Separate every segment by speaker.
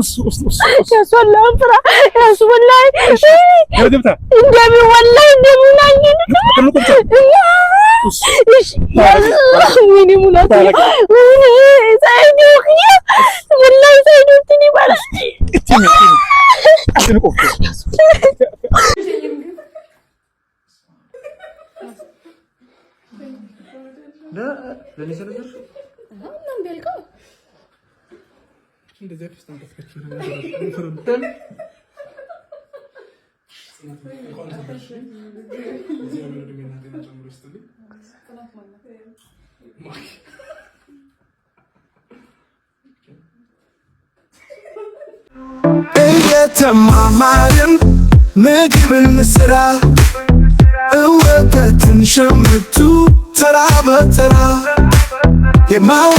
Speaker 1: ወላሂ እንደዚህ
Speaker 2: እየተማማርን ምግብን ስራ እወተትን ሸምቱ ተራ በተራ የማዋ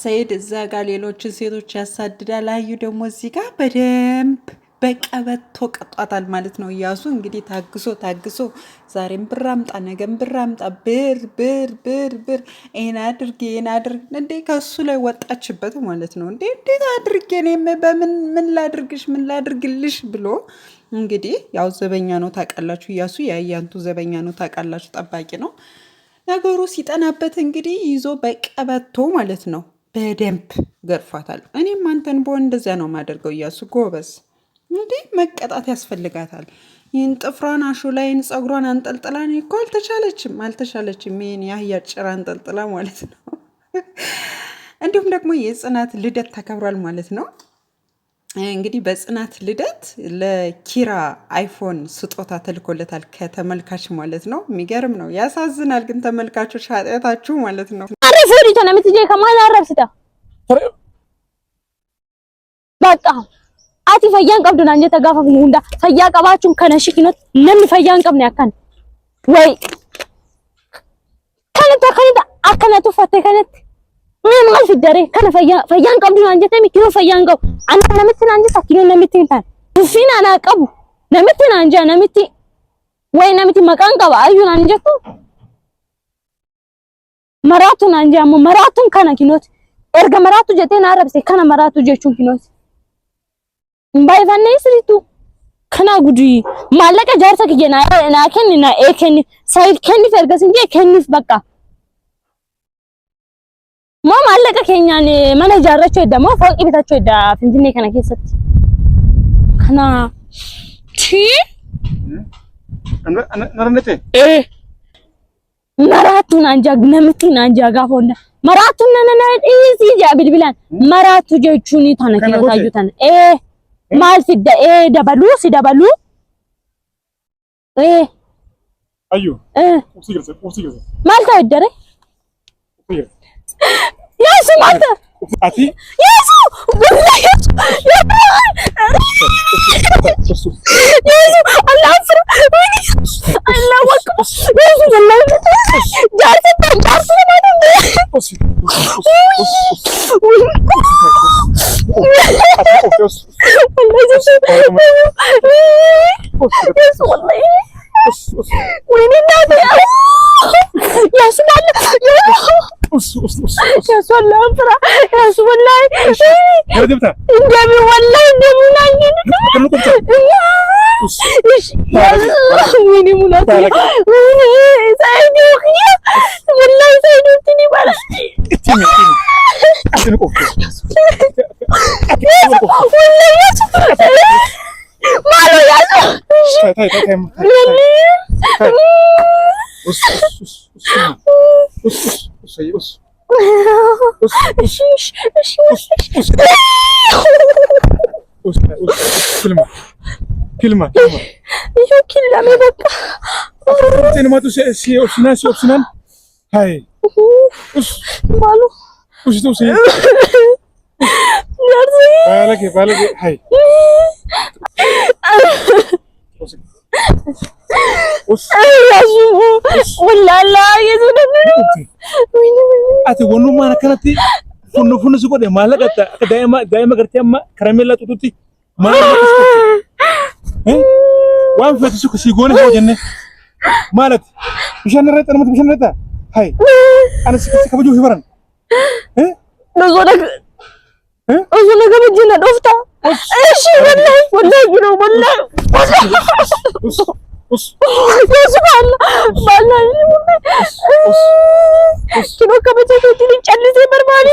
Speaker 2: ሰይድ እዛ ጋር ሌሎችን ሴቶች ያሳድዳል። አዩ ደግሞ እዚህ ጋር በደንብ በቀበቶ ቀጧታል ማለት ነው። እያሱ እንግዲህ ታግሶ ታግሶ ዛሬም ብር አምጣ፣ ነገም ብር አምጣ፣ ብር ብር ብር ብር፣ ይሄን አድርግ፣ ይህን አድርግ፣ እንዴ ከሱ ላይ ወጣችበት ማለት ነው። እንዴ እንዴት አድርጌ እኔም በምን ምን ላድርግሽ፣ ምን ላድርግልሽ ብሎ እንግዲህ ያው ዘበኛ ነው ታውቃላችሁ። እያሱ የአያንቱ ዘበኛ ነው ታውቃላችሁ፣ ጠባቂ ነው። ነገሩ ሲጠናበት እንግዲህ ይዞ በቀበቶ ማለት ነው በደንብ ገርፏታል። እኔም አንተን በሆን እንደዚያ ነው የማደርገው። እያሱ ጎበዝ እንዲህ መቀጣት ያስፈልጋታል። ይህን ጥፍሯን አሹ ላይን ፀጉሯን አንጠልጥላ እኔ እኮ አልተቻለችም አልተቻለችም። ይህን የአህያ ጭራ አንጠልጥላ ማለት ነው። እንዲሁም ደግሞ የጽናት ልደት ተከብሯል ማለት ነው። እንግዲህ በጽናት ልደት ለኪራ አይፎን ስጦታ ተልኮለታል ከተመልካች ማለት ነው። የሚገርም ነው፣ ያሳዝናል። ግን ተመልካቾች ኃጢአታችሁ ማለት ነው። በቃ አቲ ፈያን ቀብዱና እንጀ ተጋፈፍ ሙንዳ ፈያ ቀባችሁን ከነሽ ኪኖት ለምን ፈያን ቀብ ነው ያካን ወይ ከነታ ከነታ አከነቱ ፈቴ ከነት ምን ማል ሲደረ ከነ ፈያ ፈያን ቀብዱ አንጀት ነሚ ኪዮ ፈያን ቀብ አና ነምትን አንጀት አኪዮ ነምትን ታን ዱፊን አና ቀቡ ነምትን አንጀ ነምቲ ወይ ነምቲ መቃን ቀባ አዩን አንጀቱ መራቱን አንጀ አሙ መራቱን ከነ ኪኖት ኤርገ መራቱ ጀቴን አረብሴ ከነ መራቱ ጀቹን ኪኖት እምባይ ፈነይ ስሪቱ ከና ጉዱይ ማለቀ ጃርሰ ኪየና ናከን ና ኤከን ሳይድ ከኒፍ ኤርገስንጀ ከኒፍ በቃ ሞም አለቀ ኬኛን መነ ጃራቸው ደሞ ፎቅ ቤታቸው ዳ ፍንፍኔ ከነ ኬሰት ከና ቺ ነረነቴ ኤ መራቱን አንጃ ነምቲን አንጃ ጋፎና መራቱን ነነና ኢዚ ያ ቢልቢላን መራቱ ጀቹኒ ታነከ ታዩታን ኤ ማል ሲደ ኤ ደበሉ ሲደበሉ ኤ አዩ ኤ ማልታ ይደረ Yesu mata. Ati? Yesu! Wallahi Yesu! Ya ገብተህ እንደምን ወላሂ እንደምን አየን kilma kilma iyo killame በቃ ቴንማቱ ሲ ኦፕሽና ሲ ኦፕሽናን ሃይ ኡስ ማሉ ኡስ ቱ ሲ ያርዚ ባለጌ ባለጌ ሃይ ራሱ ወላላ የዙ ደም አቲ ወኑማ ከነቲ ፉኑ ፉኑ ሲቆደ ማለቀ ዳይማ ዳይማ ገርቲያማ ከረሜላ ጡጡቲ waan fudhate tokko si goone hoo jenne maalat bishaan irratti armata bishaan irratti hay ana si kasi kabajuuf baran osoo na kabajina dhofta እሺ ወላሂ ወላሂ ነው ወላሂ ሱብሃን ባላሂ ኪሎ ከበጀቴ ጨልሴ በርባሪ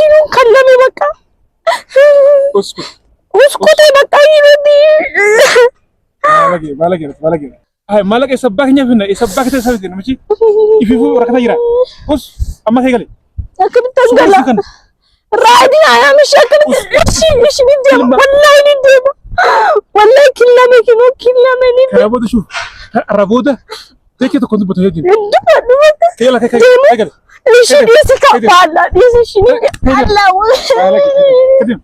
Speaker 2: ኪሎ ከለሜ በቃ mala sabaa keenya finna sabaa keessa isaa bitin namichi ifiifuu rakkata jira us amma kee galee akkamitti as gala raadii ayaamishi akkamitti ishi ishi ni deema wallaahi ni deema wallaahi kilame kinoo kilame ni deema karaa booda shuuf karaa booda jecha tokko dubbatu jechuudha. Dubbatu deema. ليش ليش كفالا ليش شنو الله كدم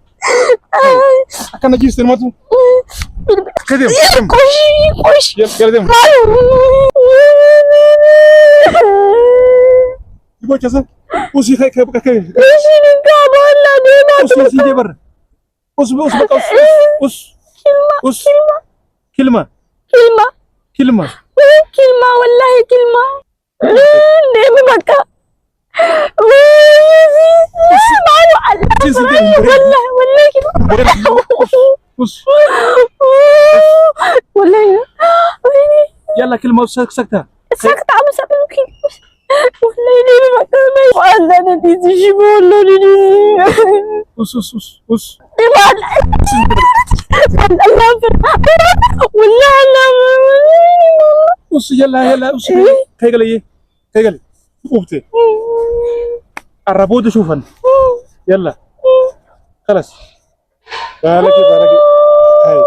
Speaker 2: كان جيس الماتو كدم كدم كوش كوش كدم يبغى كذا وسي خيك بقى كاين ليش كفالا دي ما وسي جبر وس وس بقى وس وس كلمة كلمة كلمة كلمة والله كلمة ليه نعم، بقى والله يلا كل ما سكتة سكتة عم سألوكي والله ليه ما كان ما أنا دي تجيبوا ولا ليه وس وس وس وس والله أنا وس يلا يلا وس تيجي لي تيجي لي وبتي قربوه شوفن يلا خلاص بالك بالك هاي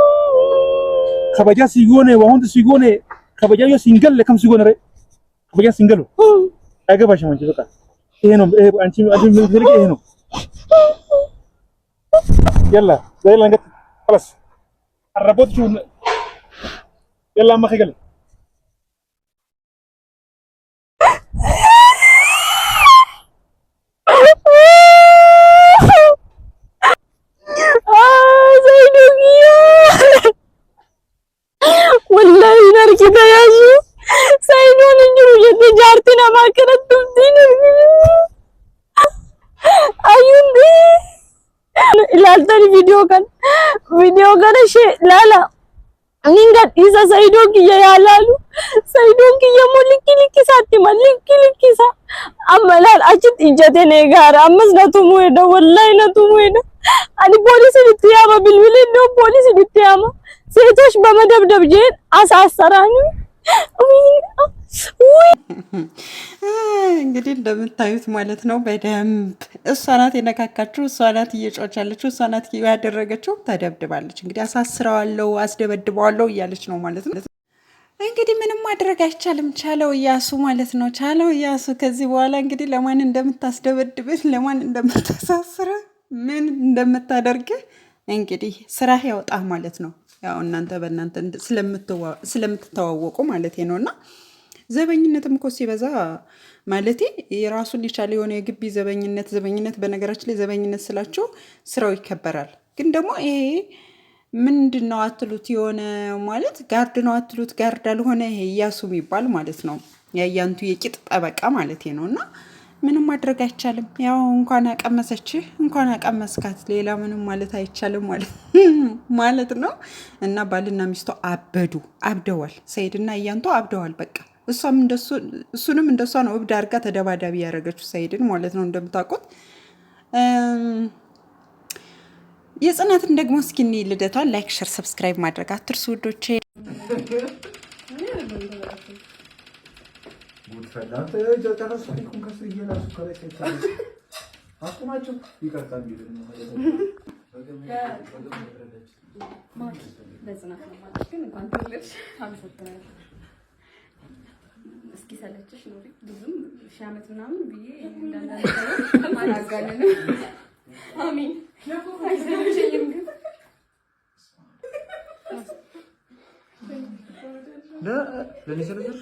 Speaker 2: خبجا سيغوني وهون سيغوني خبجا يو سنجل كم سيغوني ري خبجا سنجلو اجبش من جبك ايه نو ايه انت انت من غيرك ايه نو يلا يلا خلاص قربوه شوفن يلا ما خجل video கண் video கணேஷ் லாலா நீங்கள் இச ಸೈಡೋಗಿಯ ಯಾಲಾಲು ಸೈಡೋಗಿಯ ಮುಲಿಕ್ಕಿ ಲಿಕ್ಕಿ ಸಾತಿ ಮಲ್ಲಿಕ್ಕಿ ಲಿಕ್ಕಿ ಸಾ ಅಮ್ಮ ಲಾಲ್ ಅಜಿತ್ ಇಜ್ಜತೆ ನೇಗಾರ ಅಮ್ಮಸ್ ನಾ ತುಮು ಎಡ ವಲ್ಲೈ ನಾ ತುಮು ಎಡ ಅನಿ ಪೊಲೀಸ್ ಇಡ್ತಿಯಾಮ ಬಿಲ್ವಿಲ್ ನೋ ಪೊಲೀಸ್ ಇಡ್ತಿಯಾಮ ಸೇತೋಶ್ ಬಮ ಡಬ್ ಡಬ್ ಜೇನ್ ಆಸಾಸ್ ಸರಾನು እንግዲህ እንደምታዩት ማለት ነው። በደንብ እሷ ናት የነካካችው፣ እሷ ናት እየጮች ያለችው፣ እሷ ናት ያደረገችው። ተደብድባለች። እንግዲህ አሳስረዋለው፣ አስደበድበዋለው እያለች ነው ማለት ነው። እንግዲህ ምንም ማድረግ አይቻልም። ቻለው እያሱ ማለት ነው። ቻለው እያሱ ከዚህ በኋላ እንግዲህ ለማን እንደምታስደበድብን፣ ለማን እንደምታሳስረ፣ ምን እንደምታደርግ እንግዲህ ስራህ ያውጣህ ማለት ነው። ያው እናንተ በእናንተ ስለምትተዋወቁ ማለት ነው። እና ዘበኝነትም እኮ ሲበዛ ማለቴ የራሱን የቻለ የሆነ የግቢ ዘበኝነት ዘበኝነት በነገራችን ላይ ዘበኝነት ስላቸው ስራው ይከበራል። ግን ደግሞ ይሄ ምንድን ነው አትሉት የሆነ ማለት ጋርድ ነው አትሉት ጋርድ አልሆነ ይሄ እያሱ የሚባል ማለት ነው ያያንቱ የቂጥ ጠበቃ ማለት ነው እና ምንም ማድረግ አይቻልም። ያው እንኳን አቀመሰችህ እንኳን አቀመስካት ሌላ ምንም ማለት አይቻልም ማለት ነው። እና ባልና ሚስቶ አበዱ፣ አብደዋል። ሰይድና እያንቶ አብደዋል። በቃ እሷም እሱንም እንደሷ ነው እብድ አድርጋ ተደባዳቢ ያደረገችው ሰይድን ማለት ነው። እንደምታውቁት የጽናትን ደግሞ እስኪኒ ልደቷን ላይክ፣ ሸር፣ ሰብስክራይብ ማድረግ አትርሱ ውዶቼ። Goodfellas. Eu até não sabia como conseguia na sua cara que Aklıma çok bir kartlar geliyor. Ya. Maç. በጽና ግን እንኳን ትልሽ አመሰግናለሁ። እስኪ ሰለችሽ ኖሪ ብዙም ሺህ ዓመት ምናምን ብዬ አላጋንንም። አሜን አይሰለችኝም ግን ለእኔ ስለዘርሽ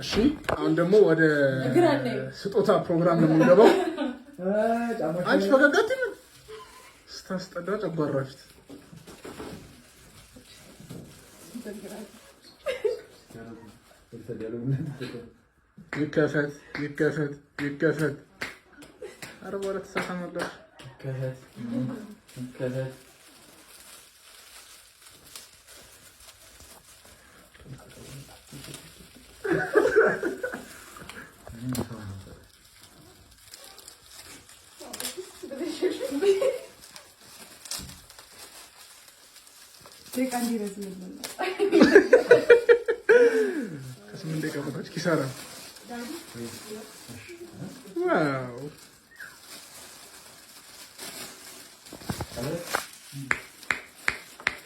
Speaker 2: እሺ አሁን ደግሞ ወደ ስጦታ ፕሮግራም ነው የምንገባው። አንቺ ፈገጋት ስታስጠዳ ጨጓራ ፊት ይከፈት ይከፈት ይከፈት። አረ በኋላ ተሳሳመላችሁ። कसम देखा पता कि सारा वाओ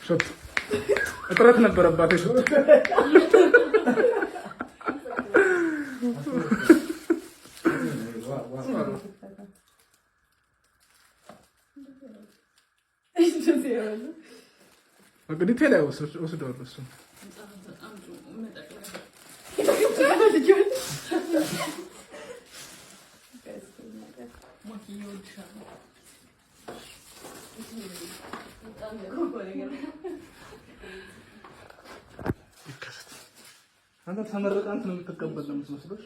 Speaker 2: ሾት እጥረት ነበረባት። ሾት Wow. 근데 테레 오스 오스 도르스. አንተ ተመረቀ አንተ ነው የምትቀበል ነው የምትመስለው።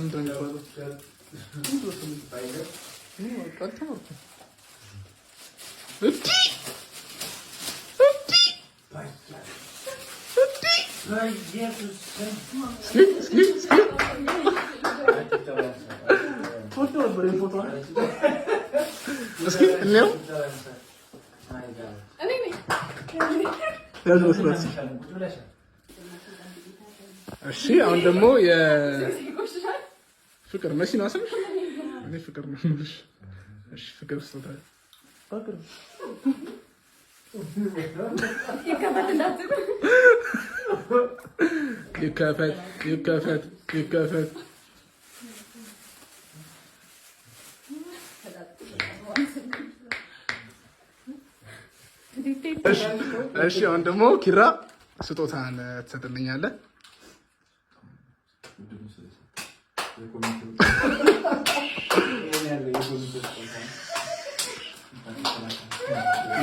Speaker 2: ምንድን ነው ያለው? ምንድን ነው የምትባይለው? እኔ ወጣሁ Слід, слід, слід. Фото, блин, እሺ፣ አሁን ደግሞ የፍቅር መሲ ነው አሰብሽ? እኔ ፍቅር ነው የምልሽ። እሺ፣ ፍቅር ስጦታ ፍቅር ይከፈት ይከፈት ይከፈት። እሺ አሁን ደግሞ ኪራ ስጦታን ትሰጥልኛለህ።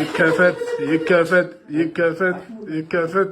Speaker 2: ይከፈት ይከፈት ይከፈት ይከፈት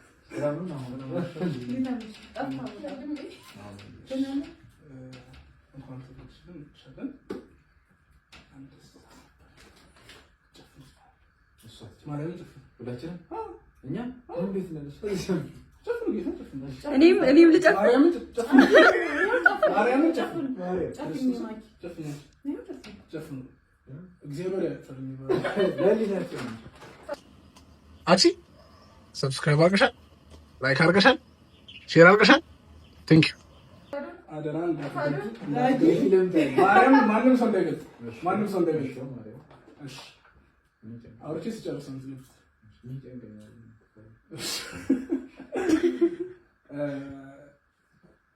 Speaker 2: እኔም እኔም አክሲ ሰብስክራይብ አድርገሻል። ላይክ አድርገሻል፣ ሼር አድርገሻል። ቴንክ ዩ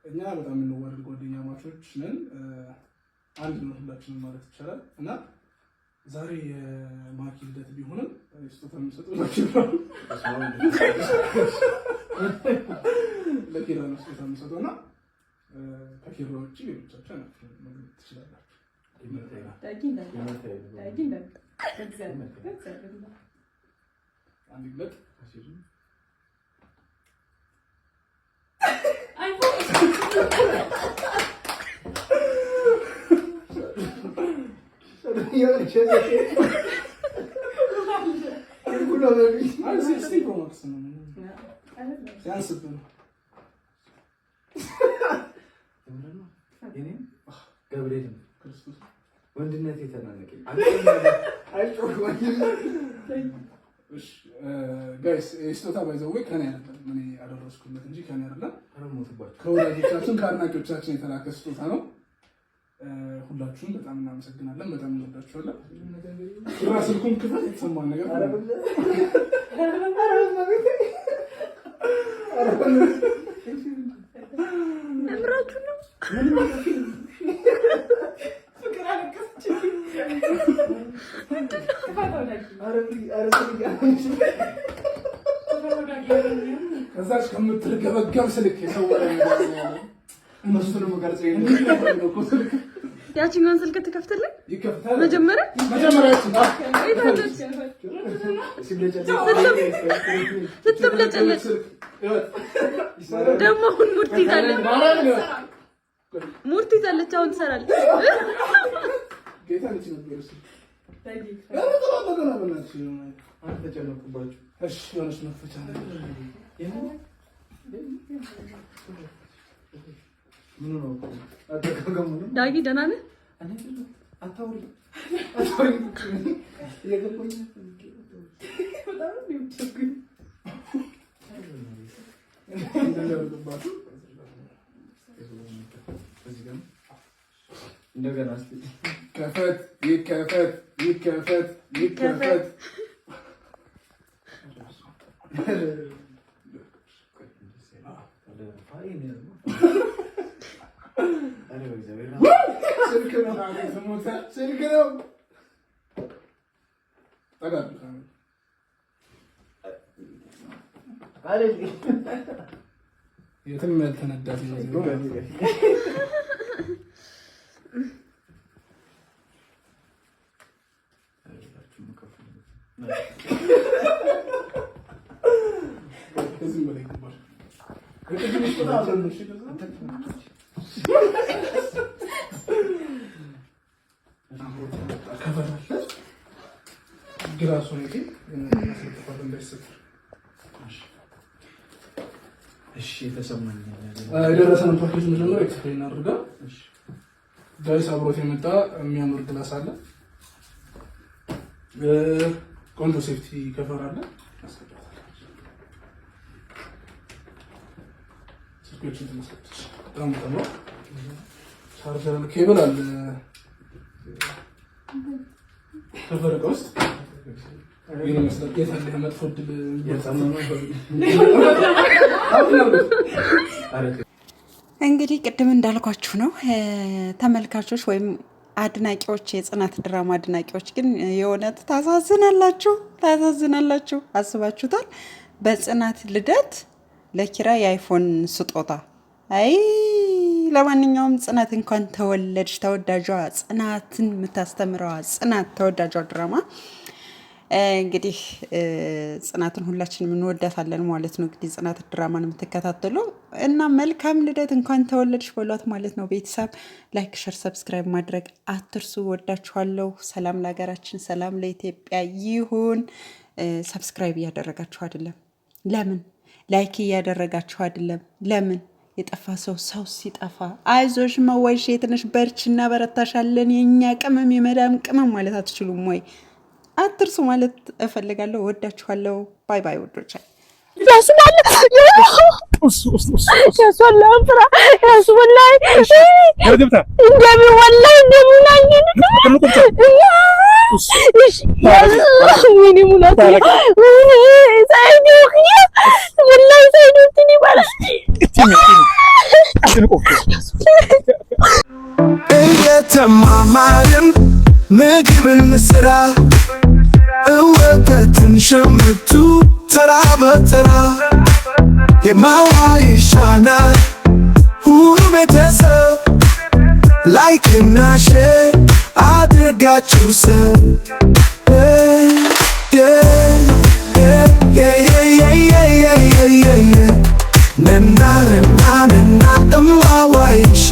Speaker 2: እኛ በጣም የምንዋደድ ጓደኛ ማቾች ነን። አንድ ነው ሁላችንም ማለት ይቻላል እና ዛሬ የማኪ ልደት ቢሆንም ስጦታ የሚሰጠው ለኪራ ነው። ስጦታ የሚሰጠው እና ከኪራ ውጭ ሌሎቻቸው ናቸው መግለጥ ትችላላችሁ። ገብርኤልም ክርስቶስ ወንድነት የተናነቀኝ ጋይስ ስጦታ ባይዘዌ ከኔ አይደለም፣ እኔ አደረስኩለት እንጂ ከኔ አይደለም። ከወዳጆቻችን ከአድናቂዎቻችን የተላከ ስጦታ ነው። ሁላችሁም በጣም እናመሰግናለን። በጣም እንወዳችኋለን። ስልኩን ክፈል። የተሰማን ነገር ምራችሁ ነው። ከዛች ከምትርገበገብ ስልክ የሰወረ እነሱ ደግሞ ስልክ ያቺኛውን ስልክ ትከፍትልኝ መጀመሪያ ስትብለጨለጭ አሁን አሁን ትሰራለች። ዳጊ ደህና ነህ? እንደገና ከፈት ይከፈት ይከፈት ይከፈት ስልክ ነው ስልክ ነው። የትም ያልተነዳት ነው። ግራሱን እንግዲህ የደረሰን ፓኬጅ ምንድነው? ኤክስፕሌን አድርጋ ጋይስ፣ አብሮት የመጣ የሚያምር ግላስ አለ። ቆንጆ ሴፍቲ ከፈር አለ። ስልኮችን ትመስላለች በጣም ጥሩ ቻርጀር ኬብል አለ ተፈርቀ ውስጥ እንግዲህ ቅድም እንዳልኳችሁ ነው ተመልካቾች ወይም አድናቂዎች የጽናት ድራማ አድናቂዎች ግን የእውነት ታሳዝናላችሁ፣ ታሳዝናላችሁ። አስባችሁታል? በጽናት ልደት ለኪራ የአይፎን ስጦታ አይ ለማንኛውም ጽናት እንኳን ተወለድሽ። ተወዳጇ ጽናትን የምታስተምረዋ ጽናት ተወዳጇ ድራማ እንግዲህ ጽናትን ሁላችንም እንወዳታለን ማለት ነው። እንግዲህ ጽናት ድራማን የምትከታተሉ እና መልካም ልደት እንኳን ተወለድሽ በሏት ማለት ነው። ቤተሰብ ላይክ፣ ሸር፣ ሰብስክራይብ ማድረግ አትርሱ። ወዳችኋለሁ። ሰላም ለሀገራችን፣ ሰላም ለኢትዮጵያ ይሁን። ሰብስክራይብ እያደረጋችሁ አይደለም ለምን? ላይክ እያደረጋችሁ አይደለም ለምን? የጠፋ ሰው ሰው ሲጠፋ አይዞሽ መወሽ የትንሽ በርች እና በረታሻለን የእኛ ቅመም የመዳም ቅመም ማለት አትችሉም ወይ? አትርሱ ማለት እፈልጋለሁ። ወዳችኋለሁ። ባይ ባይ ወዶቻል ያሱላያሱላይ እንደሚ ወላይ እንደሚናኝን ويني مناطق ساعدني اخويا والله ساعدوني እየተማማርን ምግብን ስራ እወተትን ሸምቱ ተራ በተራ የማዋ ይሻናል ሁሉ ቤተሰብ ላይክና ሼር አድርጋችሁ ስም ነና ንና እማዋይሽ